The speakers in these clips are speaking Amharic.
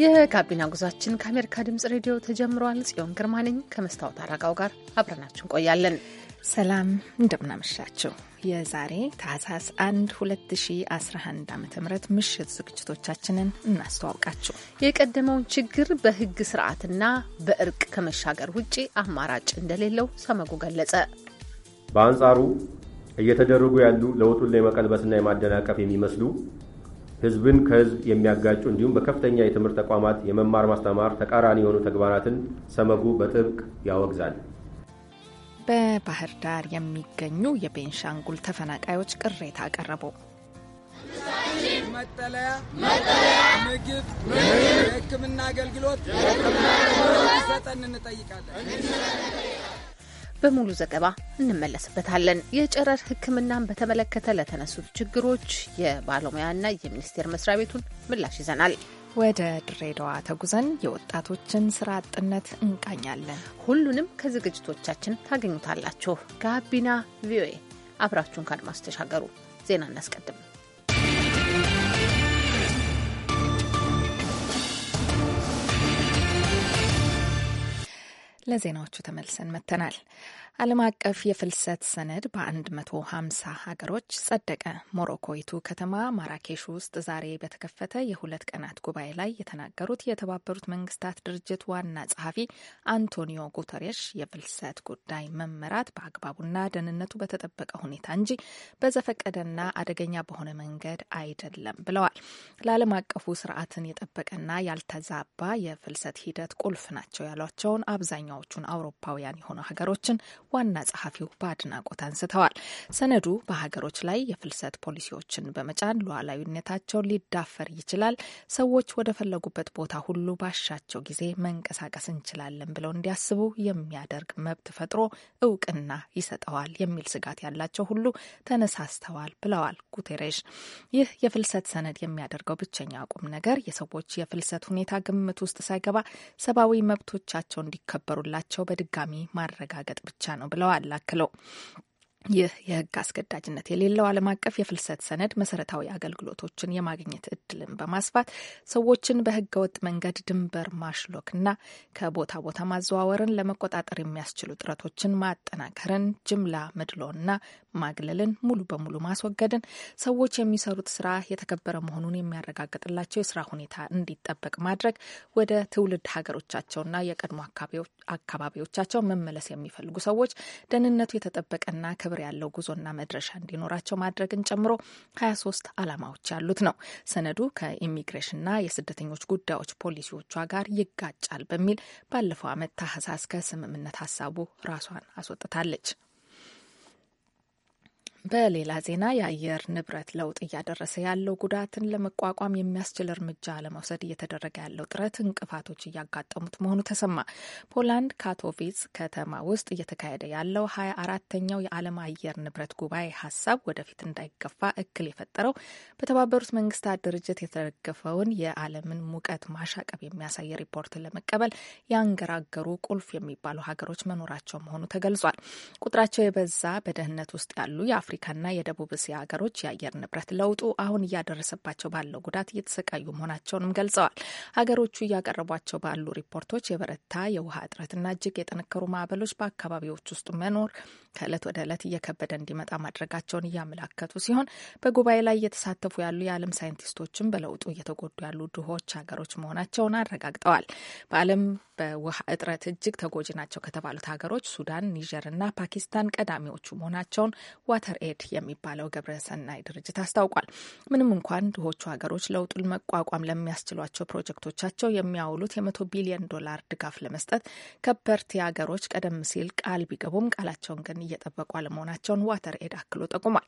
የጋቢና ጉዟችን ከአሜሪካ ድምጽ ሬዲዮ ተጀምሯል። ጽዮን ግርማ ነኝ ከመስታወት አረጋው ጋር አብረናችሁ እንቆያለን። ሰላም እንደምናመሻችሁ። የዛሬ ታህሳስ 1 2011 ዓ ም ምሽት ዝግጅቶቻችንን እናስተዋውቃችሁ። የቀደመውን ችግር በህግ ስርዓትና በእርቅ ከመሻገር ውጪ አማራጭ እንደሌለው ሰመጉ ገለጸ። በአንጻሩ እየተደረጉ ያሉ ለውጡን ላይ መቀልበስና የማደናቀፍ የሚመስሉ ህዝብን ከህዝብ የሚያጋጩ እንዲሁም በከፍተኛ የትምህርት ተቋማት የመማር ማስተማር ተቃራኒ የሆኑ ተግባራትን ሰመጉ በጥብቅ ያወግዛል። በባህር ዳር የሚገኙ የቤንሻንጉል ተፈናቃዮች ቅሬታ አቀረቡ። መጠለያ፣ ምግብ፣ የሕክምና አገልግሎት ሰጠን እንጠይቃለን። በሙሉ ዘገባ እንመለስበታለን። የጨረር ሕክምናን በተመለከተ ለተነሱት ችግሮች የባለሙያና የሚኒስቴር መስሪያ ቤቱን ምላሽ ይዘናል። ወደ ድሬዳዋ ተጉዘን የወጣቶችን ስራ አጥነት እንቃኛለን። ሁሉንም ከዝግጅቶቻችን ታገኙታላችሁ። ጋቢና ቪኦኤ አብራችሁን ካድማስ ተሻገሩ። ዜና እናስቀድም። ለዜናዎቹ ተመልሰን መጥተናል። ዓለም አቀፍ የፍልሰት ሰነድ በ150 ሀገሮች ጸደቀ። ሞሮኮይቱ ከተማ ማራኬሽ ውስጥ ዛሬ በተከፈተ የሁለት ቀናት ጉባኤ ላይ የተናገሩት የተባበሩት መንግስታት ድርጅት ዋና ጸሐፊ አንቶኒዮ ጉተሬሽ የፍልሰት ጉዳይ መመራት በአግባቡና ደህንነቱ በተጠበቀ ሁኔታ እንጂ በዘፈቀደና አደገኛ በሆነ መንገድ አይደለም ብለዋል። ለዓለም አቀፉ ስርዓትን የጠበቀና ያልተዛባ የፍልሰት ሂደት ቁልፍ ናቸው ያሏቸውን አብዛኛዎቹን አውሮፓውያን የሆኑ ሀገሮችን ዋና ጸሐፊው በአድናቆት አንስተዋል። ሰነዱ በሀገሮች ላይ የፍልሰት ፖሊሲዎችን በመጫን ሉዓላዊነታቸውን ሊዳፈር ይችላል፣ ሰዎች ወደ ፈለጉበት ቦታ ሁሉ ባሻቸው ጊዜ መንቀሳቀስ እንችላለን ብለው እንዲያስቡ የሚያደርግ መብት ፈጥሮ እውቅና ይሰጠዋል የሚል ስጋት ያላቸው ሁሉ ተነሳስተዋል ብለዋል ጉቴሬሽ። ይህ የፍልሰት ሰነድ የሚያደርገው ብቸኛ ቁም ነገር የሰዎች የፍልሰት ሁኔታ ግምት ውስጥ ሳይገባ ሰብአዊ መብቶቻቸው እንዲከበሩላቸው በድጋሚ ማረጋገጥ ብቻ ነው። ነው ብለዋል አክለው ይህ የህግ አስገዳጅነት የሌለው ዓለም አቀፍ የፍልሰት ሰነድ መሰረታዊ አገልግሎቶችን የማግኘት እድልን በማስፋት ሰዎችን በህገወጥ መንገድ ድንበር ማሽሎክና ከቦታ ቦታ ማዘዋወርን ለመቆጣጠር የሚያስችሉ ጥረቶችን ማጠናከርን፣ ጅምላ መድሎና ማግለልን ሙሉ በሙሉ ማስወገድን፣ ሰዎች የሚሰሩት ስራ የተከበረ መሆኑን የሚያረጋግጥላቸው የስራ ሁኔታ እንዲጠበቅ ማድረግ፣ ወደ ትውልድ ሀገሮቻቸውና የቀድሞ አካባቢዎቻቸው መመለስ የሚፈልጉ ሰዎች ደህንነቱ የተጠበቀና ክብር ያለው ጉዞና መድረሻ እንዲኖራቸው ማድረግን ጨምሮ 23 አላማዎች ያሉት ነው። ሰነዱ ከኢሚግሬሽንና የስደተኞች ጉዳዮች ፖሊሲዎቿ ጋር ይጋጫል በሚል ባለፈው ዓመት ታህሳስ ከስምምነት ሀሳቡ ራሷን አስወጥታለች። በሌላ ዜና የአየር ንብረት ለውጥ እያደረሰ ያለው ጉዳትን ለመቋቋም የሚያስችል እርምጃ ለመውሰድ እየተደረገ ያለው ጥረት እንቅፋቶች እያጋጠሙት መሆኑ ተሰማ። ፖላንድ ካቶቪዝ ከተማ ውስጥ እየተካሄደ ያለው ሀያ አራተኛው የዓለም አየር ንብረት ጉባኤ ሀሳብ ወደፊት እንዳይገፋ እክል የፈጠረው በተባበሩት መንግስታት ድርጅት የተደገፈውን የዓለምን ሙቀት ማሻቀብ የሚያሳይ ሪፖርትን ለመቀበል ያንገራገሩ ቁልፍ የሚባሉ ሀገሮች መኖራቸው መሆኑ ተገልጿል። ቁጥራቸው የበዛ በደህንነት ውስጥ ያሉ የአፍሪካና የደቡብ እስያ ሀገሮች የአየር ንብረት ለውጡ አሁን እያደረሰባቸው ባለው ጉዳት እየተሰቃዩ መሆናቸውንም ገልጸዋል። ሀገሮቹ እያቀረቧቸው ባሉ ሪፖርቶች የበረታ የውሃ እጥረትና እጅግ የጠነከሩ ማዕበሎች በአካባቢዎች ውስጥ መኖር ከእለት ወደ እለት እየከበደ እንዲመጣ ማድረጋቸውን እያመላከቱ ሲሆን በጉባኤ ላይ እየተሳተፉ ያሉ የዓለም ሳይንቲስቶችም በለውጡ እየተጎዱ ያሉ ድሆች ሀገሮች መሆናቸውን አረጋግጠዋል። በዓለም በውሃ እጥረት እጅግ ተጎጂ ናቸው ከተባሉት ሀገሮች ሱዳን፣ ኒጀርና ፓኪስታን ቀዳሚዎቹ መሆናቸውን ዋተር ኤድ የሚባለው ግብረሰናይ ድርጅት አስታውቋል። ምንም እንኳን ድሆቹ ሀገሮች ለውጡን መቋቋም ለሚያስችሏቸው ፕሮጀክቶቻቸው የሚያውሉት የመቶ ቢሊዮን ዶላር ድጋፍ ለመስጠት ከበርቴ ሀገሮች ቀደም ሲል ቃል ቢገቡም ቃላቸውን ግን እየጠበቁ አለመሆናቸውን ዋተር ኤድ አክሎ ጠቁሟል።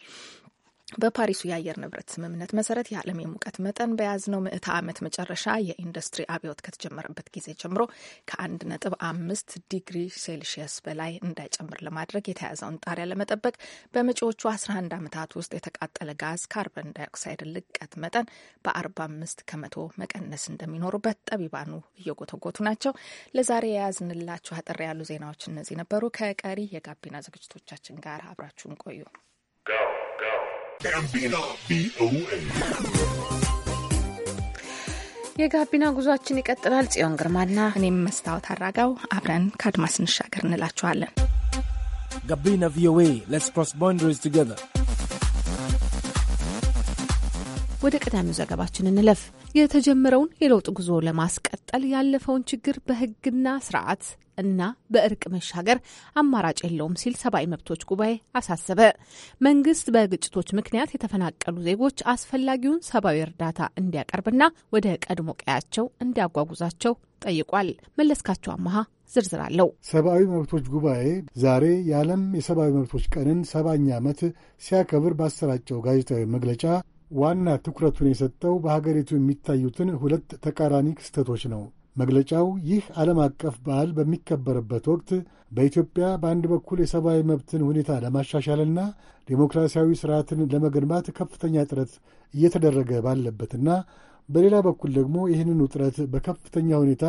በፓሪሱ የአየር ንብረት ስምምነት መሰረት የዓለም የሙቀት መጠን በያዝነው ምዕተ ዓመት መጨረሻ የኢንዱስትሪ አብዮት ከተጀመረበት ጊዜ ጀምሮ ከአንድ ነጥብ አምስት ዲግሪ ሴልሺየስ በላይ እንዳይጨምር ለማድረግ የተያዘውን ጣሪያ ለመጠበቅ በመጪዎቹ 11 ዓመታት ውስጥ የተቃጠለ ጋዝ ካርበን ዳይኦክሳይድ ልቀት መጠን በ45 ከመቶ መቀነስ እንደሚኖሩበት ጠቢባኑ እየጎተጎቱ ናቸው። ለዛሬ የያዝንላችሁ አጠር ያሉ ዜናዎች እነዚህ ነበሩ። ከቀሪ የጋቢና ዝግጅቶቻችን ጋር አብራችሁን ቆዩ። ጋቢና ቪኦኤ የጋቢና ጉዟችን ይቀጥላል። ጽዮን ግርማና እኔም መስታወት አራጋው አብረን ከአድማስ እንሻገር እንላችኋለን። ጋቢና ቪኦኤ ሌትስ ክሮስ ቦንደሪስ ቱጌዘር። ወደ ቀዳሚው ዘገባችን እንለፍ። የተጀመረውን የለውጥ ጉዞ ለማስቀጠል ያለፈውን ችግር በህግና ስርዓት እና በእርቅ መሻገር አማራጭ የለውም ሲል ሰብአዊ መብቶች ጉባኤ አሳሰበ። መንግስት በግጭቶች ምክንያት የተፈናቀሉ ዜጎች አስፈላጊውን ሰብአዊ እርዳታ እንዲያቀርብና ወደ ቀድሞ ቀያቸው እንዲያጓጉዛቸው ጠይቋል። መለስካቸው አመሃ ዝርዝር አለው። ሰብአዊ መብቶች ጉባኤ ዛሬ የዓለም የሰብአዊ መብቶች ቀንን ሰባኛ ዓመት ሲያከብር ባሰራጨው ጋዜጣዊ መግለጫ ዋና ትኩረቱን የሰጠው በሀገሪቱ የሚታዩትን ሁለት ተቃራኒ ክስተቶች ነው። መግለጫው ይህ ዓለም አቀፍ በዓል በሚከበርበት ወቅት በኢትዮጵያ በአንድ በኩል የሰብአዊ መብትን ሁኔታ ለማሻሻልና ዴሞክራሲያዊ ስርዓትን ለመገንባት ከፍተኛ ጥረት እየተደረገ ባለበትና በሌላ በኩል ደግሞ ይህንን ውጥረት በከፍተኛ ሁኔታ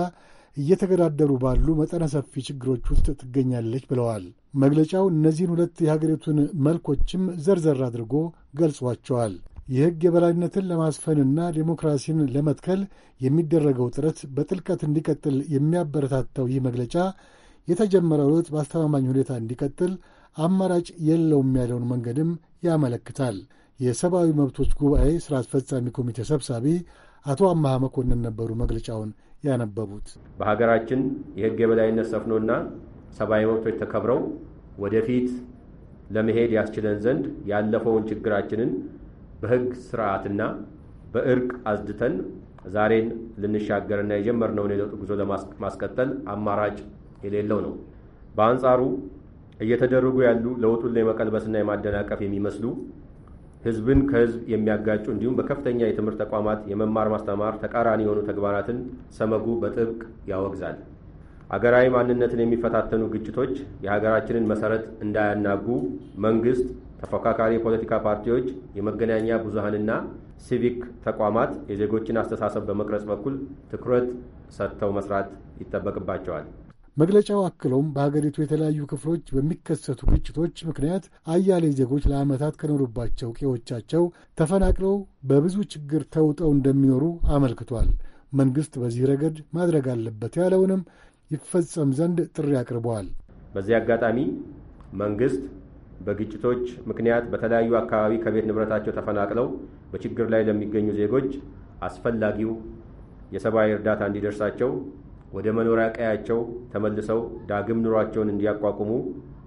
እየተገዳደሩ ባሉ መጠነ ሰፊ ችግሮች ውስጥ ትገኛለች ብለዋል። መግለጫው እነዚህን ሁለት የሀገሪቱን መልኮችም ዘርዘር አድርጎ ገልጿቸዋል። የሕግ የበላይነትን ለማስፈንና ዴሞክራሲን ለመትከል የሚደረገው ጥረት በጥልቀት እንዲቀጥል የሚያበረታተው ይህ መግለጫ የተጀመረው ለውጥ በአስተማማኝ ሁኔታ እንዲቀጥል አማራጭ የለውም ያለውን መንገድም ያመለክታል። የሰብአዊ መብቶች ጉባኤ ሥራ አስፈጻሚ ኮሚቴ ሰብሳቢ አቶ አመሃ መኮንን ነበሩ መግለጫውን ያነበቡት። በሀገራችን የሕግ የበላይነት ሰፍኖና ሰብአዊ መብቶች ተከብረው ወደፊት ለመሄድ ያስችለን ዘንድ ያለፈውን ችግራችንን በህግ ስርዓትና በእርቅ አዝድተን ዛሬን ልንሻገርና የጀመርነውን የለውጥ ጉዞ ለማስቀጠል አማራጭ የሌለው ነው። በአንጻሩ እየተደረጉ ያሉ ለውጡን የመቀልበስና የማደናቀፍ የሚመስሉ ህዝብን ከህዝብ የሚያጋጩ እንዲሁም በከፍተኛ የትምህርት ተቋማት የመማር ማስተማር ተቃራኒ የሆኑ ተግባራትን ሰመጉ በጥብቅ ያወግዛል። አገራዊ ማንነትን የሚፈታተኑ ግጭቶች የሀገራችንን መሰረት እንዳያናጉ መንግስት ተፎካካሪ የፖለቲካ ፓርቲዎች፣ የመገናኛ ብዙሃንና ሲቪክ ተቋማት የዜጎችን አስተሳሰብ በመቅረጽ በኩል ትኩረት ሰጥተው መስራት ይጠበቅባቸዋል። መግለጫው አክሎም በሀገሪቱ የተለያዩ ክፍሎች በሚከሰቱ ግጭቶች ምክንያት አያሌ ዜጎች ለዓመታት ከኖሩባቸው ቄዎቻቸው ተፈናቅለው በብዙ ችግር ተውጠው እንደሚኖሩ አመልክቷል። መንግሥት በዚህ ረገድ ማድረግ አለበት ያለውንም ይፈጸም ዘንድ ጥሪ አቅርበዋል። በዚህ አጋጣሚ መንግሥት በግጭቶች ምክንያት በተለያዩ አካባቢ ከቤት ንብረታቸው ተፈናቅለው በችግር ላይ ለሚገኙ ዜጎች አስፈላጊው የሰብአዊ እርዳታ እንዲደርሳቸው ወደ መኖሪያ ቀያቸው ተመልሰው ዳግም ኑሯቸውን እንዲያቋቁሙ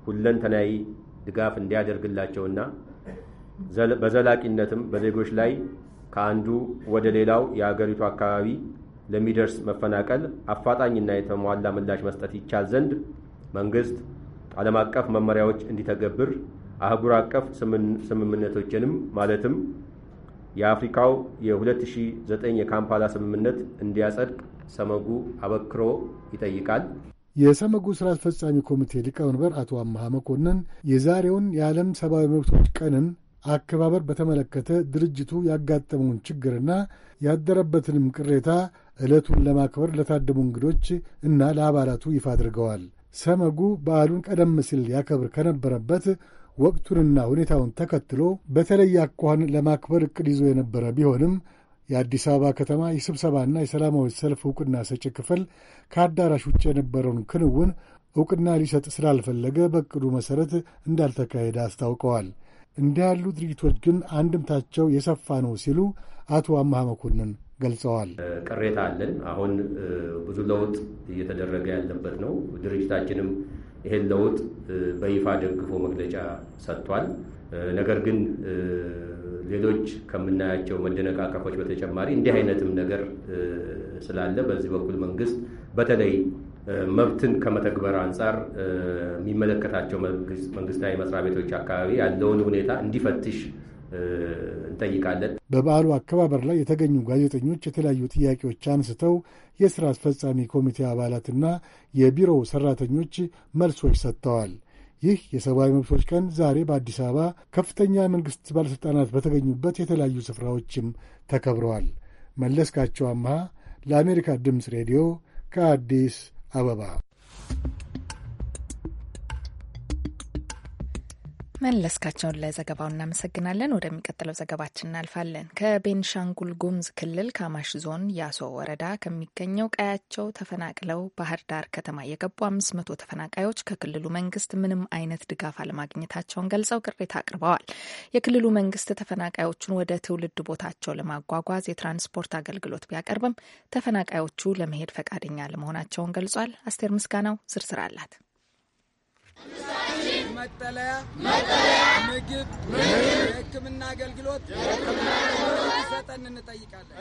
ሁለንተናዊ ድጋፍ እንዲያደርግላቸውና በዘላቂነትም በዜጎች ላይ ከአንዱ ወደ ሌላው የአገሪቱ አካባቢ ለሚደርስ መፈናቀል አፋጣኝና የተሟላ ምላሽ መስጠት ይቻል ዘንድ መንግስት ዓለም አቀፍ መመሪያዎች እንዲተገብር አህጉር አቀፍ ስምምነቶችንም ማለትም የአፍሪካው የ2009 የካምፓላ ስምምነት እንዲያጸድቅ ሰመጉ አበክሮ ይጠይቃል። የሰመጉ ስራ አስፈጻሚ ኮሚቴ ሊቀመንበር አቶ አመሃ መኮንን የዛሬውን የዓለም ሰብአዊ መብቶች ቀንን አከባበር በተመለከተ ድርጅቱ ያጋጠመውን ችግርና ያደረበትንም ቅሬታ ዕለቱን ለማክበር ለታደሙ እንግዶች እና ለአባላቱ ይፋ አድርገዋል። ሰመጉ በዓሉን ቀደም ሲል ያከብር ከነበረበት ወቅቱንና ሁኔታውን ተከትሎ በተለይ አኳን ለማክበር እቅድ ይዞ የነበረ ቢሆንም የአዲስ አበባ ከተማ የስብሰባና የሰላማዊ ሰልፍ እውቅና ሰጪ ክፍል ከአዳራሽ ውጭ የነበረውን ክንውን እውቅና ሊሰጥ ስላልፈለገ በእቅዱ መሠረት እንዳልተካሄደ አስታውቀዋል። እንዲህ ያሉ ድርጊቶች ግን አንድምታቸው የሰፋ ነው ሲሉ አቶ አምሃ መኮንን ገልጸዋል። ቅሬታ አለን። አሁን ብዙ ለውጥ እየተደረገ ያለበት ነው። ድርጅታችንም ይሄን ለውጥ በይፋ ደግፎ መግለጫ ሰጥቷል። ነገር ግን ሌሎች ከምናያቸው መደነቃቀፎች በተጨማሪ እንዲህ አይነትም ነገር ስላለ በዚህ በኩል መንግስት በተለይ መብትን ከመተግበር አንጻር የሚመለከታቸው መንግስታዊ መስሪያ ቤቶች አካባቢ ያለውን ሁኔታ እንዲፈትሽ እንጠይቃለን። በበዓሉ አከባበር ላይ የተገኙ ጋዜጠኞች የተለያዩ ጥያቄዎች አንስተው የሥራ አስፈጻሚ ኮሚቴ አባላትና የቢሮው ሠራተኞች መልሶች ሰጥተዋል። ይህ የሰብአዊ መብቶች ቀን ዛሬ በአዲስ አበባ ከፍተኛ የመንግሥት ባለሥልጣናት በተገኙበት የተለያዩ ስፍራዎችም ተከብረዋል። መለስካቸው አምሃ ለአሜሪካ ድምፅ ሬዲዮ ከአዲስ አበባ መለስካቸውን ለዘገባው እናመሰግናለን። ወደሚቀጥለው ዘገባችን እናልፋለን። ከቤንሻንጉል ጉምዝ ክልል ካማሽ ዞን ያሶ ወረዳ ከሚገኘው ቀያቸው ተፈናቅለው ባህር ዳር ከተማ የገቡ አምስት መቶ ተፈናቃዮች ከክልሉ መንግስት ምንም አይነት ድጋፍ አለማግኘታቸውን ገልጸው ቅሬታ አቅርበዋል። የክልሉ መንግስት ተፈናቃዮቹን ወደ ትውልድ ቦታቸው ለማጓጓዝ የትራንስፖርት አገልግሎት ቢያቀርብም ተፈናቃዮቹ ለመሄድ ፈቃደኛ አለመሆናቸውን ገልጿል። አስቴር ምስጋናው ዝርዝር አላት። መጠለያ፣ ምግብ፣ የህክምና አገልግሎት እንዲሰጠን እንጠይቃለን።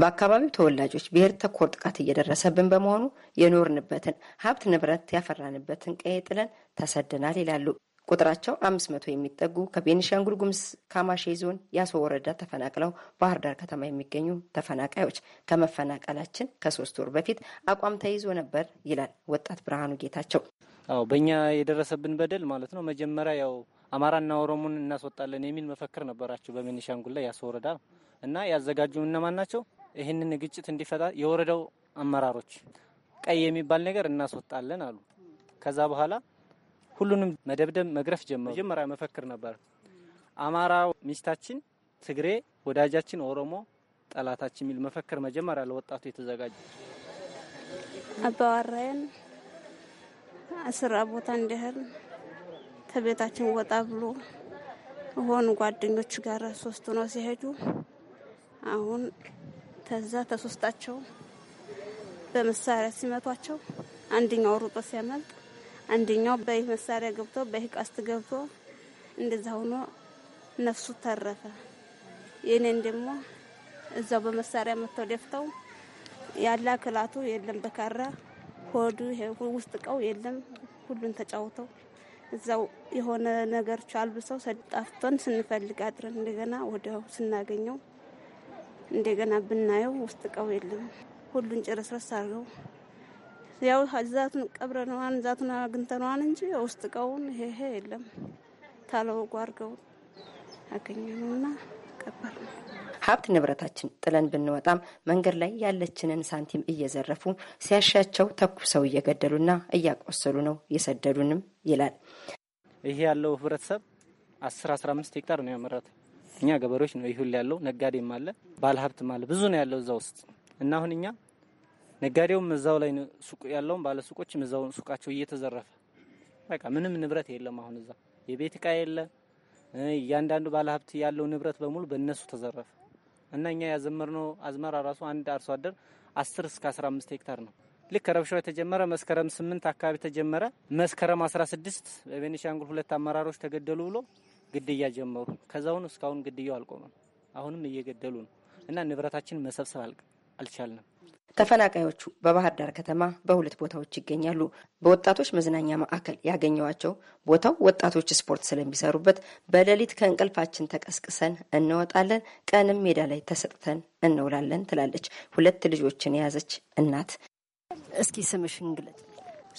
በአካባቢው ተወላጆች ብሔር ተኮር ጥቃት እየደረሰብን በመሆኑ የኖርንበትን ሀብት ንብረት ያፈራንበትን ቀዬ ጥለን ተሰደናል ይላሉ። ቁጥራቸው አምስት መቶ የሚጠጉ ከቤኒሻንጉል ጉምዝ ካማሼ ዞን ያሶ ወረዳ ተፈናቅለው ባህር ዳር ከተማ የሚገኙ ተፈናቃዮች ከመፈናቀላችን ከሶስት ወር በፊት አቋም ተይዞ ነበር ይላል ወጣት ብርሃኑ ጌታቸው። አዎ በእኛ የደረሰብን በደል ማለት ነው። መጀመሪያ ያው አማራና ኦሮሞን እናስወጣለን የሚል መፈክር ነበራቸው በቤኒሻንጉል ላይ ያስወረዳ እና ያዘጋጁ እነማን ናቸው? ይህንን ግጭት እንዲፈታ የወረዳው አመራሮች ቀይ የሚባል ነገር እናስወጣለን አሉ። ከዛ በኋላ ሁሉንም መደብደብ፣ መግረፍ ጀመሩ። መጀመሪያ መፈክር ነበር አማራ ሚስታችን፣ ትግሬ ወዳጃችን፣ ኦሮሞ ጠላታችን የሚል መፈክር መጀመሪያ ለወጣቱ የተዘጋጀ አባዋራየን ስራ ቦታ እንዲህል ከቤታችን ወጣ ብሎ ሆኑ ጓደኞች ጋር ሶስቱ ነው ሲሄዱ አሁን ተዛ ተሶስታቸው በመሳሪያ ሲመቷቸው አንደኛው ሩጦ ሲያመልጥ አንደኛው በይህ መሳሪያ ገብቶ በይህ ቀስት ገብቶ እንደዛ ሆኖ ነፍሱ ተረፈ። የኔን ደግሞ እዛው በመሳሪያ መጥተው ደፍተው ያለ አክላቱ የለም በካራ ሆዱ ውስጥ እቃው የለም። ሁሉን ተጫውተው እዛው የሆነ ነገር አልብሰው ሰጣፍቶን ስንፈልግ አጥረን እንደገና ወዲያው ስናገኘው እንደገና ብናየው ውስጥ እቃው የለም። ሁሉን ጭረስረስ አድርገው ያው ዛቱን ቀብረነዋን ዛቱን አግኝተነዋን እንጂ ውስጥ እቃውን ይሄ የለም ታለው ጓርገው አገኘነውና ነበር። ሀብት ንብረታችን ጥለን ብንወጣም መንገድ ላይ ያለችንን ሳንቲም እየዘረፉ ሲያሻቸው ተኩሰው እየገደሉና እያቆሰሉ ነው የሰደዱንም ይላል። ይሄ ያለው ህብረተሰብ አስር አስራ አምስት ሄክታር ነው ያመረት። እኛ ገበሬዎች ነው ይሁል ያለው ነጋዴም አለ ባለ ሀብትም አለ ብዙ ነው ያለው እዛ ውስጥ እና አሁን እኛ ነጋዴውም እዛው ላይ ሱቅ ያለውም ባለ ሱቆችም እዛው ሱቃቸው እየተዘረፈ በቃ ምንም ንብረት የለም። አሁን እዛ የቤት እቃ የለ እያንዳንዱ ባለሀብት ያለው ንብረት በሙሉ በእነሱ ተዘረፈ እና እኛ ያዘመርነው አዝመራ ራሱ አንድ አርሶ አደር 10 እስከ 15 ሄክታር ነው። ልክ ከረብሻው የተጀመረ መስከረም 8 አካባቢ ተጀመረ። መስከረም 16 በቤኒሻንጉል ሁለት አመራሮች ተገደሉ ብሎ ግድያ ጀመሩ። ከዛውን እስካሁን ግድያው አልቆመም። አሁንም እየገደሉ ነው እና ንብረታችን መሰብሰብ አልቻልንም። ተፈናቃዮቹ በባህር ዳር ከተማ በሁለት ቦታዎች ይገኛሉ። በወጣቶች መዝናኛ ማዕከል ያገኘዋቸው ቦታው ወጣቶች ስፖርት ስለሚሰሩበት በሌሊት ከእንቅልፋችን ተቀስቅሰን እንወጣለን፣ ቀንም ሜዳ ላይ ተሰጥተን እንውላለን ትላለች ሁለት ልጆችን የያዘች እናት። እስኪ ስምሽ እንግለጽ።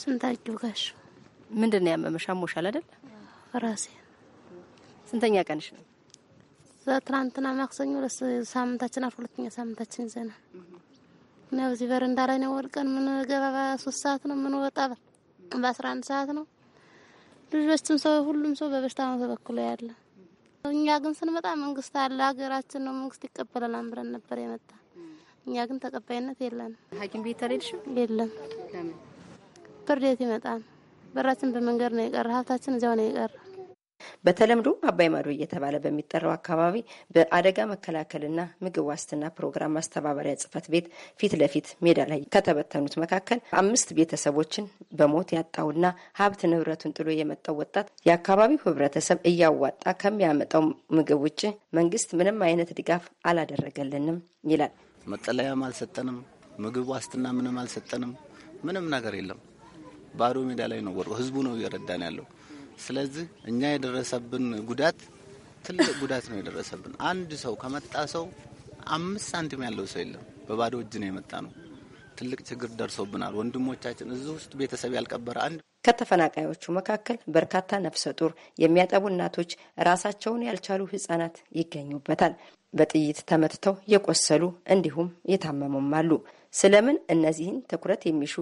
ስንታችሁ ጋሽ። ምንድን ነው ያመመሽ? አሞሻል አይደል? ራሴ። ስንተኛ ቀንሽ ነው? ትናንትና ማክሰኞ ሳምንታችን አልፎ ሁለተኛ ሳምንታችን ይዘናል ነው በዚህ በረንዳ ላይ ነው ወድቀን ምን ገባ በሶስት ሰዓት ነው ምን ወጣ በአስራ አንድ ሰዓት ነው። ልጆችም ሰው ሁሉም ሰው በበሽታ ነው ተበክሎ ያለ። እኛ ግን ስንመጣ መንግስት አለ ሀገራችን ነው መንግስት ይቀበለናል ብለን ነበር የመጣ። እኛ ግን ተቀባይነት የለንም። ሀኪም ቤት አልሄድሽም? የለም። ፍርድ ይመጣል። በራችን በመንገድ ነው የቀረ ሀብታችን እዚያው ነው የቀረ በተለምዶ አባይ ማዶ እየተባለ በሚጠራው አካባቢ በአደጋ መከላከልና ምግብ ዋስትና ፕሮግራም ማስተባበሪያ ጽሕፈት ቤት ፊት ለፊት ሜዳ ላይ ከተበተኑት መካከል አምስት ቤተሰቦችን በሞት ያጣውና ሀብት ንብረቱን ጥሎ የመጣው ወጣት የአካባቢው ህብረተሰብ እያዋጣ ከሚያመጣው ምግብ ውጭ መንግስት ምንም አይነት ድጋፍ አላደረገልንም ይላል። መጠለያም አልሰጠንም፣ ምግብ ዋስትና ምንም አልሰጠንም፣ ምንም ነገር የለም። ባዶ ሜዳ ላይ ነው። ህዝቡ ነው እየረዳን ያለው ስለዚህ እኛ የደረሰብን ጉዳት ትልቅ ጉዳት ነው የደረሰብን። አንድ ሰው ከመጣ ሰው አምስት ሳንቲም ያለው ሰው የለም። በባዶ እጅ ነው የመጣ ነው። ትልቅ ችግር ደርሶብናል። ወንድሞቻችን እዚህ ውስጥ ቤተሰብ ያልቀበረ አንድ ከተፈናቃዮቹ መካከል በርካታ ነፍሰ ጡር የሚያጠቡ እናቶች፣ ራሳቸውን ያልቻሉ ህጻናት ይገኙበታል። በጥይት ተመትተው የቆሰሉ እንዲሁም የታመሙም አሉ። ስለምን እነዚህን ትኩረት የሚሹ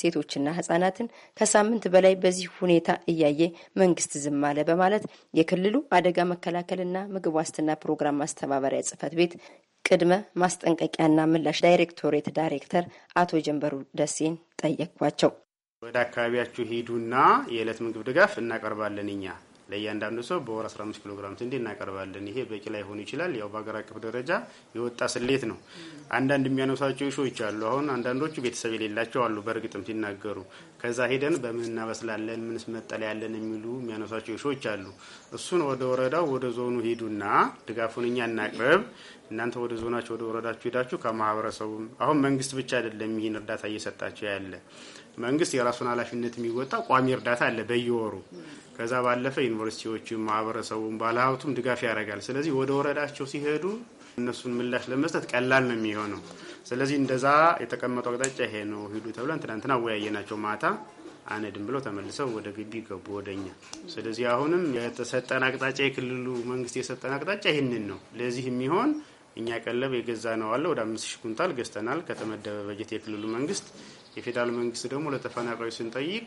ሴቶችና ህጻናትን ከሳምንት በላይ በዚህ ሁኔታ እያየ መንግስት ዝም አለ በማለት የክልሉ አደጋ መከላከልና ምግብ ዋስትና ፕሮግራም ማስተባበሪያ ጽህፈት ቤት ቅድመ ማስጠንቀቂያና ምላሽ ዳይሬክቶሬት ዳይሬክተር አቶ ጀንበሩ ደሴን ጠየቅኳቸው። ወደ አካባቢያችሁ ሂዱና የዕለት ምግብ ድጋፍ እናቀርባለን እኛ ለእያንዳንዱ ሰው በወር 15 ኪሎ ግራም ስንዴ እናቀርባለን። ይሄ በቂ ላይሆን ይችላል። ያው በሀገር አቀፍ ደረጃ የወጣ ስሌት ነው። አንዳንድ የሚያነሳቸው እሾች አሉ። አሁን አንዳንዶቹ ቤተሰብ የሌላቸው አሉ፣ በእርግጥም ሲናገሩ። ከዛ ሄደን በምን እናበስላለን፣ ምንስ መጠለያ ያለን የሚሉ የሚያነሳቸው እሾች አሉ። እሱን ወደ ወረዳው ወደ ዞኑ ሂዱና ድጋፉን እኛ እናቅርብ እናንተ ወደ ዞናቸው ወደ ወረዳችሁ ሄዳችሁ ከማህበረሰቡም አሁን መንግስት ብቻ አይደለም ይህን እርዳታ እየሰጣቸው ያለ መንግስት የራሱን ኃላፊነት የሚወጣ ቋሚ እርዳታ አለ በየወሩ ከዛ ባለፈ ዩኒቨርሲቲዎችም ማህበረሰቡም ባለሀብቱም ድጋፍ ያደርጋል። ስለዚህ ወደ ወረዳቸው ሲሄዱ እነሱን ምላሽ ለመስጠት ቀላል ነው የሚሆነው። ስለዚህ እንደዛ የተቀመጠው አቅጣጫ ይሄ ነው ሂዱ ተብለን ትናንትና አወያየናቸው። ማታ አነድም ብለው ተመልሰው ወደ ግቢ ገቡ ወደኛ። ስለዚህ አሁንም የተሰጠን አቅጣጫ የክልሉ መንግስት የሰጠን አቅጣጫ ይህንን ነው። ለዚህ የሚሆን እኛ ቀለብ የገዛ ነው አለ ወደ አምስት ሺህ ኩንታል ገዝተናል ከተመደበ በጀት የክልሉ መንግስት የፌዴራል መንግስት ደግሞ ለተፈናቃዩ ስንጠይቅ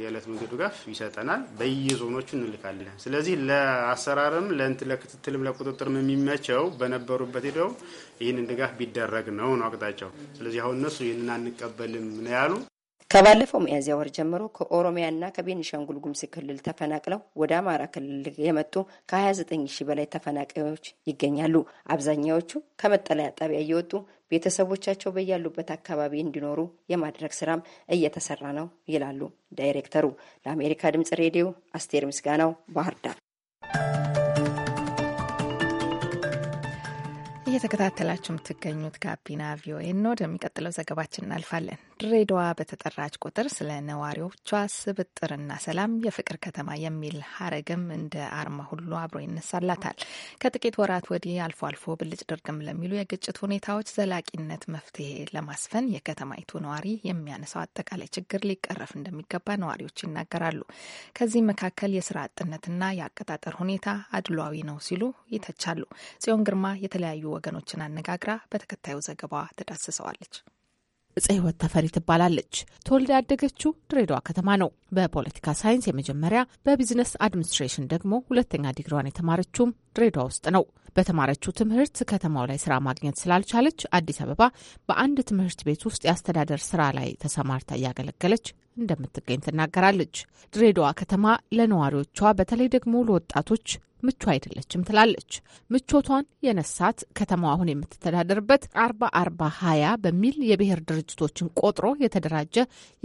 የዕለት ምግብ ድጋፍ ይሰጠናል። በየዞኖቹ እንልካለን። ስለዚህ ለአሰራርም ለእንት ለክትትልም ለቁጥጥርም የሚመቸው በነበሩበት ሄደው ይህንን ድጋፍ ቢደረግ ነው ነው አቅጣጫው። ስለዚህ አሁን እነሱ ይህንን አንቀበልም ነው ያሉ። ከባለፈው ሚያዝያ ወር ጀምሮ ከኦሮሚያና ከቤኒሻንጉል ጉሙዝ ክልል ተፈናቅለው ወደ አማራ ክልል የመጡ ከ29 ሺህ በላይ ተፈናቃዮች ይገኛሉ። አብዛኛዎቹ ከመጠለያ ጣቢያ እየወጡ ቤተሰቦቻቸው በያሉበት አካባቢ እንዲኖሩ የማድረግ ስራም እየተሰራ ነው ይላሉ ዳይሬክተሩ። ለአሜሪካ ድምጽ ሬዲዮ አስቴር ምስጋናው ባህርዳር እየተከታተላችሁ የምትገኙት ጋቢና ቪኦኤ ነው። ወደሚቀጥለው ዘገባችን እናልፋለን። ድሬዳዋ በተጠራች ቁጥር ስለ ነዋሪዎቿ ስብጥርና ሰላም የፍቅር ከተማ የሚል ሀረግም እንደ አርማ ሁሉ አብሮ ይነሳላታል። ከጥቂት ወራት ወዲህ አልፎ አልፎ ብልጭ ድርግም ለሚሉ የግጭት ሁኔታዎች ዘላቂነት መፍትሄ ለማስፈን የከተማይቱ ነዋሪ የሚያነሳው አጠቃላይ ችግር ሊቀረፍ እንደሚገባ ነዋሪዎች ይናገራሉ። ከዚህ መካከል የስራ አጥነትና የአቀጣጠር ሁኔታ አድሏዊ ነው ሲሉ ይተቻሉ። ጽዮን ግርማ የተለያዩ ወገኖችን አነጋግራ በተከታዩ ዘገባዋ ተዳስሰዋለች። እፀ ህይወት ተፈሪ ትባላለች። ተወልዳ ያደገችው ድሬዳዋ ከተማ ነው። በፖለቲካ ሳይንስ የመጀመሪያ በቢዝነስ አድሚኒስትሬሽን ደግሞ ሁለተኛ ዲግሪዋን የተማረችውም ድሬዳዋ ውስጥ ነው። በተማረችው ትምህርት ከተማው ላይ ስራ ማግኘት ስላልቻለች አዲስ አበባ በአንድ ትምህርት ቤት ውስጥ የአስተዳደር ስራ ላይ ተሰማርታ እያገለገለች እንደምትገኝ ትናገራለች። ድሬዳዋ ከተማ ለነዋሪዎቿ በተለይ ደግሞ ለወጣቶች ምቹ አይደለችም ትላለች። ምቾቷን የነሳት ከተማዋ አሁን የምትተዳደርበት አርባ አርባ ሀያ በሚል የብሔር ድርጅቶችን ቆጥሮ የተደራጀ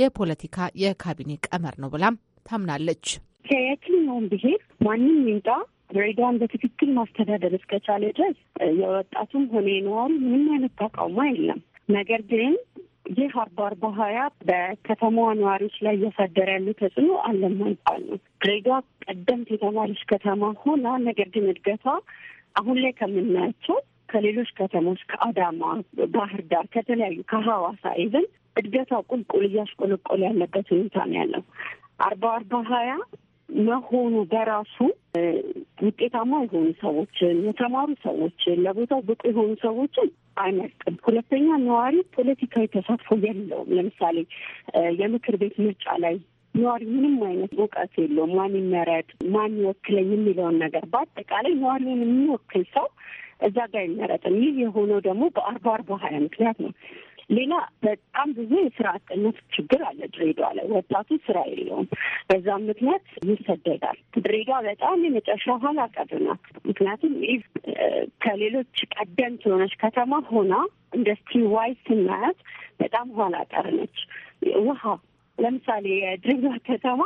የፖለቲካ የካቢኔ ቀመር ነው ብላም ታምናለች። ከየትኛውም ብሔር ማንም ይምጣ ድሬዳዋን በትክክል ማስተዳደር እስከቻለ ድረስ የወጣቱም ሆነ የነዋሪ ምንም አይነት ተቃውሞ የለም። ነገር ግን ይህ አባ አርባ ሀያ በከተማዋ ነዋሪዎች ላይ እያሳደረ ያለ ተጽዕኖ አለ ነው። ድሬዳዋ ቀደምት የተባለች ከተማ ሆና ነገር ግን እድገቷ አሁን ላይ ከምናያቸው ከሌሎች ከተሞች ከአዳማ፣ ባህር ዳር፣ ከተለያዩ ከሀዋሳ ኢቨን እድገቷ ቁልቁል እያሽቆለቆለ ያለበት ሁኔታ ነው ያለው። አርባ አርባ ሀያ መሆኑ በራሱ ውጤታማ የሆኑ ሰዎችን፣ የተማሩ ሰዎችን፣ ለቦታው ብቁ የሆኑ ሰዎችን አይመርጥም። ሁለተኛ ነዋሪ ፖለቲካዊ ተሳትፎ የለውም። ለምሳሌ የምክር ቤት ምርጫ ላይ ነዋሪ ምንም አይነት እውቀት የለውም። ማን ይመረጥ፣ ማን ይወክለኝ የሚለውን ነገር በአጠቃላይ ነዋሪውን የሚወክል ሰው እዛ ጋር አይመረጥም። ይህ የሆነው ደግሞ በአርባ አርባ ሀያ ምክንያት ነው። ሌላ በጣም ብዙ የስራ አጥነት ችግር አለ ድሬዳዋ ላይ። ወጣቱ ስራ የለውም። በዛም ምክንያት ይሰደዳል። ድሬዳዋ በጣም የመጨረሻ ኋላ ቀር ናት። ምክንያቱም ይህ ከሌሎች ቀደምት የሆነች ከተማ ሆና ኢንዱስትሪ ዋይዝ ስናያት በጣም ኋላ ቀር ነች። ውሃ ለምሳሌ የድሬዳዋ ከተማ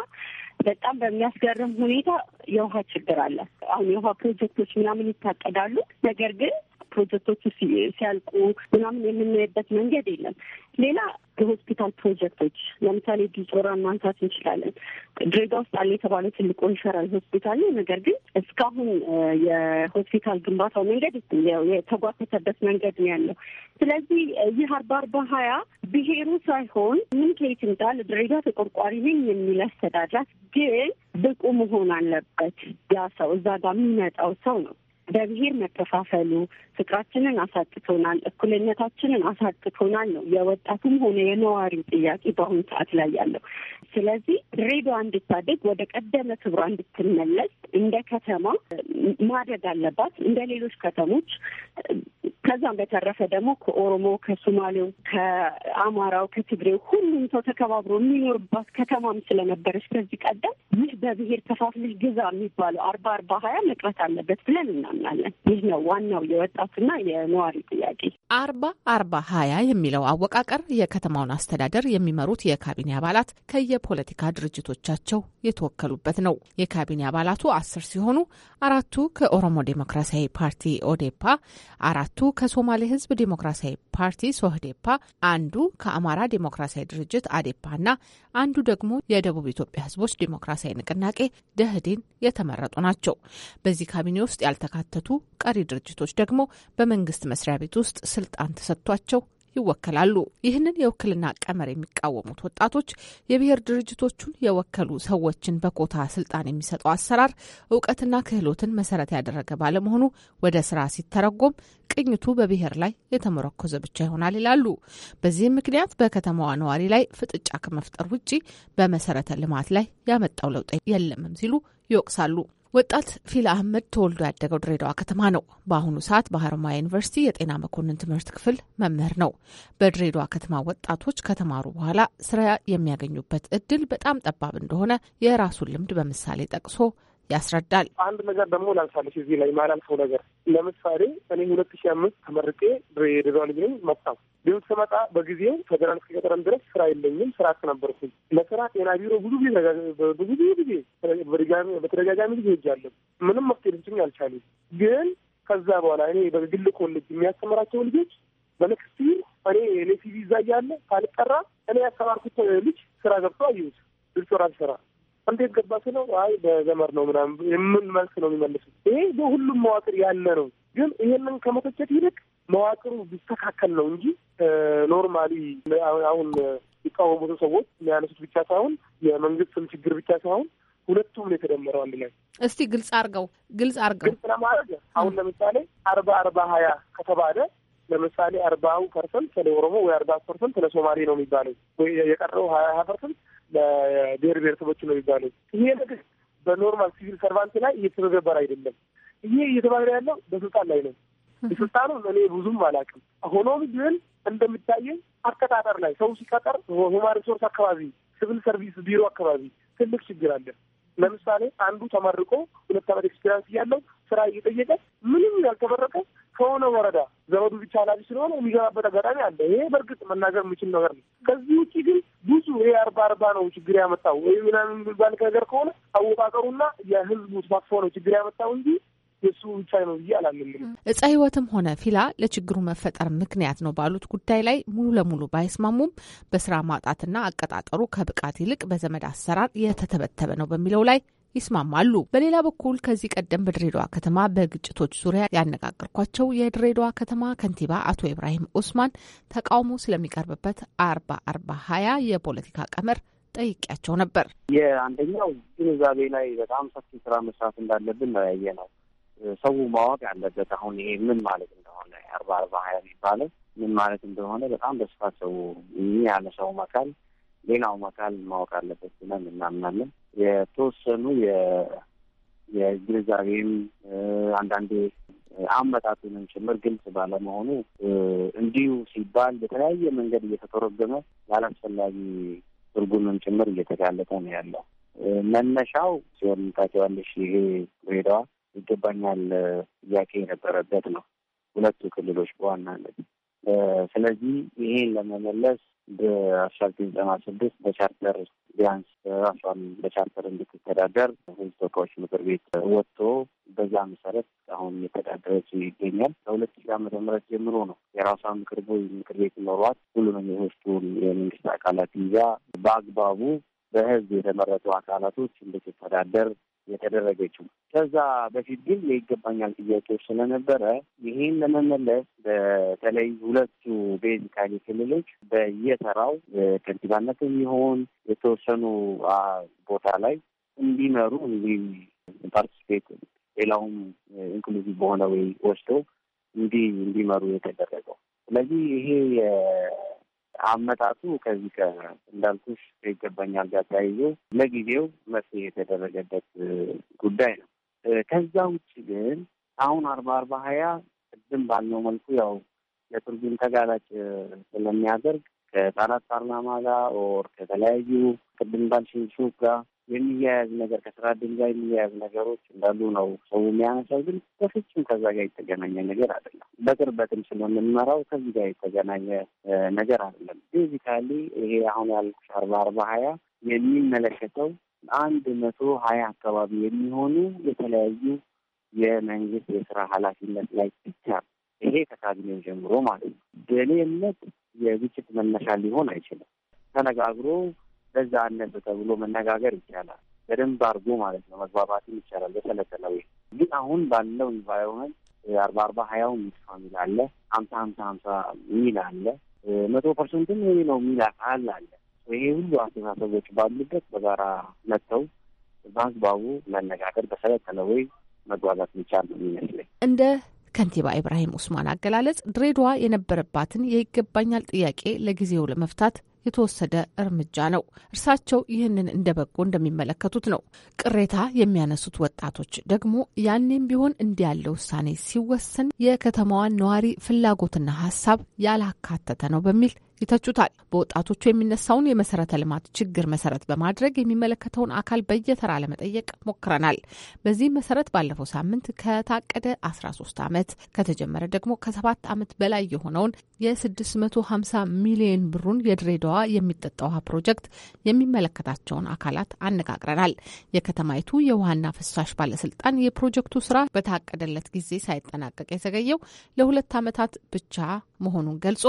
በጣም በሚያስገርም ሁኔታ የውሃ ችግር አለ። አሁን የውሃ ፕሮጀክቶች ምናምን ይታቀዳሉ። ነገር ግን ፕሮጀክቶቹ ሲያልቁ ምናምን የምናይበት መንገድ የለም። ሌላ የሆስፒታል ፕሮጀክቶች ለምሳሌ ዲጾራን ማንሳት እንችላለን። ድሬዳ ውስጥ አለ የተባለ ትልቁ ሪፈራል ሆስፒታል ነው። ነገር ግን እስካሁን የሆስፒታል ግንባታው መንገድ የተጓተተበት መንገድ ነው ያለው። ስለዚህ ይህ አርባ አርባ ሀያ ብሄሩ ሳይሆን ምን ከየት ይምጣል ተቆርቋሪ ነኝ የሚል አስተዳድራት ግን ብቁ መሆን አለበት። ያ ሰው እዛ ጋር የሚመጣው ሰው ነው በብሔር መከፋፈሉ ፍቅራችንን አሳጥቶናል፣ እኩልነታችንን አሳጥቶናል ነው የወጣቱም ሆነ የነዋሪው ጥያቄ በአሁኑ ሰዓት ላይ ያለው። ስለዚህ ድሬዳዋ እንድታደግ ወደ ቀደመ ክብሯ እንድትመለስ እንደ ከተማ ማደግ አለባት እንደ ሌሎች ከተሞች። ከዛም በተረፈ ደግሞ ከኦሮሞ፣ ከሶማሌው፣ ከአማራው፣ ከትግሬው ሁሉም ሰው ተከባብሮ የሚኖርባት ከተማም ስለነበረች ከዚህ ቀደም ይህ በብሔር ከፋፍለሽ ግዛ የሚባለው አርባ አርባ ሀያ መቅረት አለበት ብለን እናም እናምናለን። ይህ ነው ዋናው የወጣትና የነዋሪ ጥያቄ። አርባ አርባ ሀያ የሚለው አወቃቀር የከተማውን አስተዳደር የሚመሩት የካቢኔ አባላት ከየፖለቲካ ድርጅቶቻቸው የተወከሉበት ነው። የካቢኔ አባላቱ አስር ሲሆኑ አራቱ ከኦሮሞ ዴሞክራሲያዊ ፓርቲ ኦዴፓ፣ አራቱ ከሶማሌ ሕዝብ ዴሞክራሲያዊ ፓርቲ ሶህዴፓ፣ አንዱ ከአማራ ዴሞክራሲያዊ ድርጅት አዴፓ እና አንዱ ደግሞ የደቡብ ኢትዮጵያ ህዝቦች ዴሞክራሲያዊ ንቅናቄ ደህዲን የተመረጡ ናቸው። በዚህ ካቢኔ ውስጥ ያልተካ የተካተቱ ቀሪ ድርጅቶች ደግሞ በመንግስት መስሪያ ቤት ውስጥ ስልጣን ተሰጥቷቸው ይወከላሉ። ይህንን የውክልና ቀመር የሚቃወሙት ወጣቶች የብሔር ድርጅቶቹን የወከሉ ሰዎችን በኮታ ስልጣን የሚሰጠው አሰራር እውቀትና ክህሎትን መሰረት ያደረገ ባለመሆኑ ወደ ስራ ሲተረጎም ቅኝቱ በብሔር ላይ የተመረኮዘ ብቻ ይሆናል ይላሉ። በዚህም ምክንያት በከተማዋ ነዋሪ ላይ ፍጥጫ ከመፍጠር ውጪ በመሰረተ ልማት ላይ ያመጣው ለውጥ የለምም ሲሉ ይወቅሳሉ። ወጣት ፊል አህመድ ተወልዶ ያደገው ድሬዳዋ ከተማ ነው። በአሁኑ ሰዓት ባህርማ ዩኒቨርሲቲ የጤና መኮንን ትምህርት ክፍል መምህር ነው። በድሬዳዋ ከተማ ወጣቶች ከተማሩ በኋላ ስራ የሚያገኙበት እድል በጣም ጠባብ እንደሆነ የራሱን ልምድ በምሳሌ ጠቅሶ ያስረዳል። አንድ ነገር ደግሞ ላንሳለች እዚህ ላይ ማላልፈው ነገር ለምሳሌ እኔ ሁለት ሺ አምስት ተመርቄ የደዛው ልጅ ነኝ መጣሁ። ቤት ስመጣ በጊዜው ፌደራል እስከ ቀጠረን ድረስ ስራ የለኝም። ስራ አጥ ለስራ ጤና ቢሮ ብዙ ጊዜ ብዙ ጊዜ በተደጋጋሚ ጊዜ ሄጃለሁ። ምንም መፍትሄ ልችኝ አልቻሉም። ግን ከዛ በኋላ እኔ በግል ኮሌጅ የሚያስተምራቸው ልጆች በኔክስት እኔ ኔሲቪ ይዛያለ ካልጠራ እኔ ያስተማርኩት ልጅ ስራ ገብቶ አየሁት ልጅ ራሱ ስራ እንዴት ገባ ነው? አይ በዘመር ነው ምናምን የምን መልስ ነው የሚመልሱት። ይሄ በሁሉም መዋቅር ያለ ነው። ግን ይሄንን ከመተቸት ይልቅ መዋቅሩ ቢስተካከል ነው እንጂ ኖርማሊ አሁን የሚቃወሙትን ሰዎች የሚያነሱት ብቻ ሳይሆን የመንግስትም ችግር ብቻ ሳይሆን ሁለቱም ነው የተደመረው አንድ ላይ። እስቲ ግልጽ አርገው ግልጽ አርገው ግልጽ ለማድረግ አሁን ለምሳሌ አርባ አርባ ሀያ ከተባለ ለምሳሌ አርባው ፐርሰንት ስለ ኦሮሞ ወይ አርባ ፐርሰንት ስለ ሶማሌ ነው የሚባለው ወይ የቀረው ሀያ ሀያ ፐርሰንት ለብሔር ብሔረሰቦች ነው የሚባለው። ይሄ ነገር በኖርማል ሲቪል ሰርቫንት ላይ እየተተገበረ አይደለም። ይሄ እየተባለ ያለው በስልጣን ላይ ነው። የስልጣኑ እኔ ብዙም አላውቅም። ሆኖም ግን እንደሚታየኝ አቀጣጠር ላይ ሰው ሲቀጠር ሁማን ሪሶርስ አካባቢ፣ ሲቪል ሰርቪስ ቢሮ አካባቢ ትልቅ ችግር አለ። ለምሳሌ አንዱ ተመርቆ ሁለት ዓመት ኤክስፔሪንስ እያለው ስራ እየጠየቀ ምንም ያልተመረቀ ከሆነ ወረዳ ዘመዱ ብቻ ኃላፊ ስለሆነ የሚገባበት አጋጣሚ አለ። ይሄ በእርግጥ መናገር የምችል ነገር ነው። ከዚህ ውጭ ግን ብዙ ይሄ አርባ አርባ ነው ችግር ያመጣው ወይ ምናምን የሚባል ነገር ከሆነ አወቃቀሩና የህዝቡ ተሳትፎ ነው ችግር ያመጣው እንጂ የሱ ብቻ ነው ብዬ አላምንም። እፀ ህይወትም ሆነ ፊላ ለችግሩ መፈጠር ምክንያት ነው ባሉት ጉዳይ ላይ ሙሉ ለሙሉ ባይስማሙም በስራ ማጣትና አቀጣጠሩ ከብቃት ይልቅ በዘመድ አሰራር የተተበተበ ነው በሚለው ላይ ይስማማሉ። በሌላ በኩል ከዚህ ቀደም በድሬዳዋ ከተማ በግጭቶች ዙሪያ ያነጋገርኳቸው የድሬዳዋ ከተማ ከንቲባ አቶ ኢብራሂም ኡስማን ተቃውሞ ስለሚቀርብበት አርባ አርባ ሀያ የፖለቲካ ቀመር ጠይቂያቸው ነበር። የአንደኛው ግንዛቤ ላይ በጣም ሰፊ ስራ መስራት እንዳለብን ነው ያየ ነው። ሰው ማወቅ ያለበት አሁን ይሄ ምን ማለት እንደሆነ አርባ አርባ ሀያ የሚባለው ምን ማለት እንደሆነ በጣም በስፋት ሰው ያለ ሰው አካል ሌላውም አካል ማወቅ አለበት ብለን እናምናለን። የተወሰኑ የግንዛቤም አንዳንዴ አመጣጡንም ጭምር ግልጽ ባለመሆኑ እንዲሁ ሲባል በተለያየ መንገድ እየተተረጎመ ያላስፈላጊ ትርጉምም ጭምር እየተጋለጠ ነው ያለው። መነሻው ሲሆን ታውቂዋለሽ፣ ይሄ ሬዳዋ ይገባኛል ጥያቄ የነበረበት ነው፣ ሁለቱ ክልሎች በዋናነት። ስለዚህ ይሄን ለመመለስ በአስራ ዘጠኝ ዘጠና ስድስት በቻርተር ቢያንስ ራሷን በቻርተር እንድትተዳደር ህዝብ ተወካዮች ምክር ቤት ወጥቶ በዛ መሰረት አሁን የተዳደረች ይገኛል። ከሁለት ሺህ ዓመተ ምህረት ጀምሮ ነው የራሷ ምክር ምክር ቤት ኖሯት ሁሉንም የህዝቱን የመንግስት አካላት ይዛ በአግባቡ በህዝብ የተመረጡ አካላቶች እንድትተዳደር የተደረገችው። ከዛ በፊት ግን የይገባኛል ጥያቄዎች ስለነበረ ይህን ለመመለስ በተለይ ሁለቱ ቤዚካሊ ክልሎች በየተራው ከንቲባነት የሚሆን የተወሰኑ ቦታ ላይ እንዲመሩ እንዲህ ፓርቲስፔት ሌላውም ኢንክሉዚቭ በሆነ ወይ ወስዶ እንዲ እንዲመሩ የተደረገው። ስለዚህ ይሄ አመጣቱ ከዚህ እንዳልኩሽ ከይገባኛል ጋር ተያይዞ ለጊዜው መፍትሄ የተደረገበት ጉዳይ ነው። ከዛ ውጭ ግን አሁን አርባ አርባ ሀያ ቅድም ባልነው መልኩ ያው ለትርጉም ተጋላጭ ስለሚያደርግ ከህጻናት ፓርላማ ጋር ኦር ከተለያዩ ቅድም ባልሽንሹ ጋር የሚያያዝ ነገር ከስራ እድል ጋር የሚያያዝ ነገሮች እንዳሉ ነው ሰው የሚያነሳው። ግን በፍጹም ከዛ ጋር የተገናኘ ነገር አይደለም። በቅርበትም ስለምንመራው ከዚህ ጋር የተገናኘ ነገር አይደለም። ቤዚካሊ ይሄ አሁን ያልኩሽ አርባ አርባ ሀያ የሚመለከተው አንድ መቶ ሀያ አካባቢ የሚሆኑ የተለያዩ የመንግስት የስራ ኃላፊነት ላይ ብቻ ይሄ ከካቢኔው ጀምሮ ማለት ነው። ደሌነት የግጭት መነሻ ሊሆን አይችልም። ተነጋግሮ ለዛ አነብ ተብሎ መነጋገር ይቻላል። በደንብ አድርጎ ማለት ነው መግባባትም ይቻላል። በሰለጠነ ግን አሁን ባለው ኢንቫይሮመንት አርባ አርባ ሀያው ሚጥፋ ሚል አለ፣ ሀምሳ ሀምሳ ሀምሳ ሚል አለ፣ መቶ ፐርሰንትም ይሄ ነው ሚል አካል አለ። ይሄ ሁሉ አስተሳሰቦች ባሉበት በጋራ መጥተው በአግባቡ መነጋገር በሰለጠነ ወይ መግባባት የሚቻል ነው የሚመስለኝ እንደ ከንቲባ ኢብራሂም ኡስማን አገላለጽ ድሬዳዋ የነበረባትን የይገባኛል ጥያቄ ለጊዜው ለመፍታት የተወሰደ እርምጃ ነው። እርሳቸው ይህንን እንደ በጎ እንደሚመለከቱት ነው። ቅሬታ የሚያነሱት ወጣቶች ደግሞ ያኔም ቢሆን እንዲ ያለ ውሳኔ ሲወሰን የከተማዋን ነዋሪ ፍላጎትና ሀሳብ ያላካተተ ነው በሚል ይተቹታል። በወጣቶቹ የሚነሳውን የመሰረተ ልማት ችግር መሰረት በማድረግ የሚመለከተውን አካል በየተራ ለመጠየቅ ሞክረናል። በዚህ መሰረት ባለፈው ሳምንት ከታቀደ 13 ዓመት ከተጀመረ ደግሞ ከሰባት ዓመት በላይ የሆነውን የ650 ሚሊዮን ብሩን የድሬዳዋ የሚጠጣ ውሃ ፕሮጀክት የሚመለከታቸውን አካላት አነጋግረናል። የከተማይቱ የውሃና ፍሳሽ ባለስልጣን የፕሮጀክቱ ስራ በታቀደለት ጊዜ ሳይጠናቀቅ የዘገየው ለሁለት ዓመታት ብቻ መሆኑን ገልጾ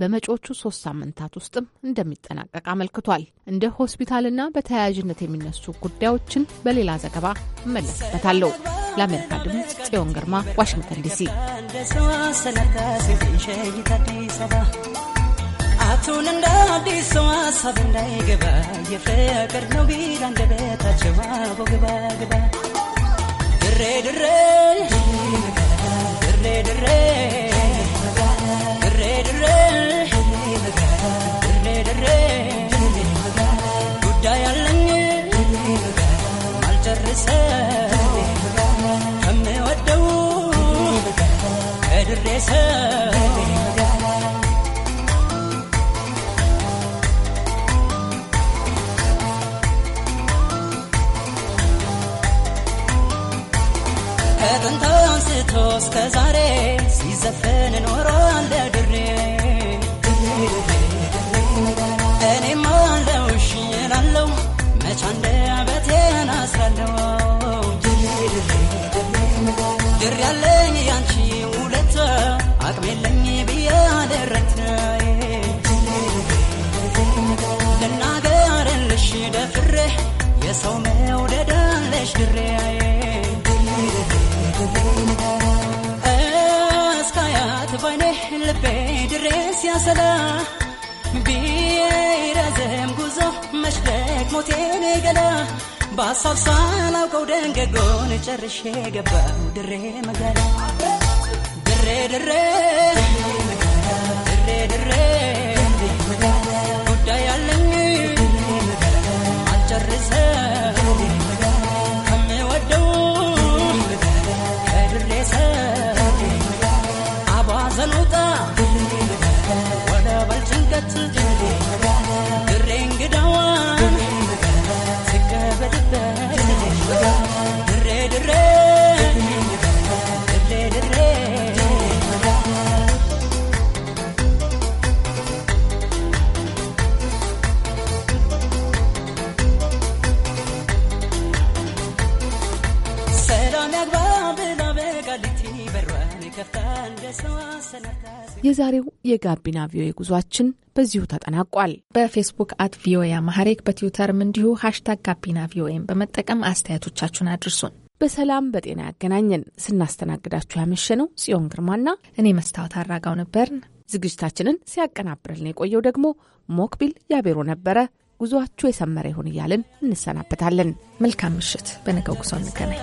በመጪዎቹ ሶስት ሳምንታት ውስጥም እንደሚጠናቀቅ አመልክቷል። እንደ ሆስፒታልና በተያያዥነት የሚነሱ ጉዳዮችን በሌላ ዘገባ እመለስበታለሁ። ለአሜሪካ ድምፅ ጽዮን ግርማ፣ ዋሽንግተን ዲሲ። እንደ አዲስ ሀሳብ እንዳይገባ ነው ቢል አንደበታቸው አቦ ግባ ግባ ድሬ ድሬ ከጥንት አንስቶ እስከ ዛሬ ሲዘፈን ኖሮ የሰው መውደድ አለሽ ድሬያዬ እስካያት ባይኔ ልቤ ድሬ ሲያሰላ ቢረዘም ጉዞ መሽደቅ ሞቴን ገላ በሀሳብ ሳላውቀው ደንገጎን ጨርሼ ገባው ድሬ መገላ ድሬ ድሬ ድሬ ድሬ I'm not የዛሬው የጋቢና ቪኦኤ ጉዟችን በዚሁ ተጠናቋል። በፌስቡክ አት ቪኦኤ አማሐሬክ በትዊተርም እንዲሁ ሀሽታግ ጋቢና ቪኦኤም በመጠቀም አስተያየቶቻችሁን አድርሱን። በሰላም በጤና ያገናኘን። ስናስተናግዳችሁ ያመሸነው ጽዮን ግርማና እኔ መስታወት አራጋው ነበርን። ዝግጅታችንን ሲያቀናብርልን የቆየው ደግሞ ሞክቢል ያቤሮ ነበረ። ጉዟችሁ የሰመረ ይሁን እያልን እንሰናበታለን። መልካም ምሽት። በነገው ጉዞ እንገናኝ።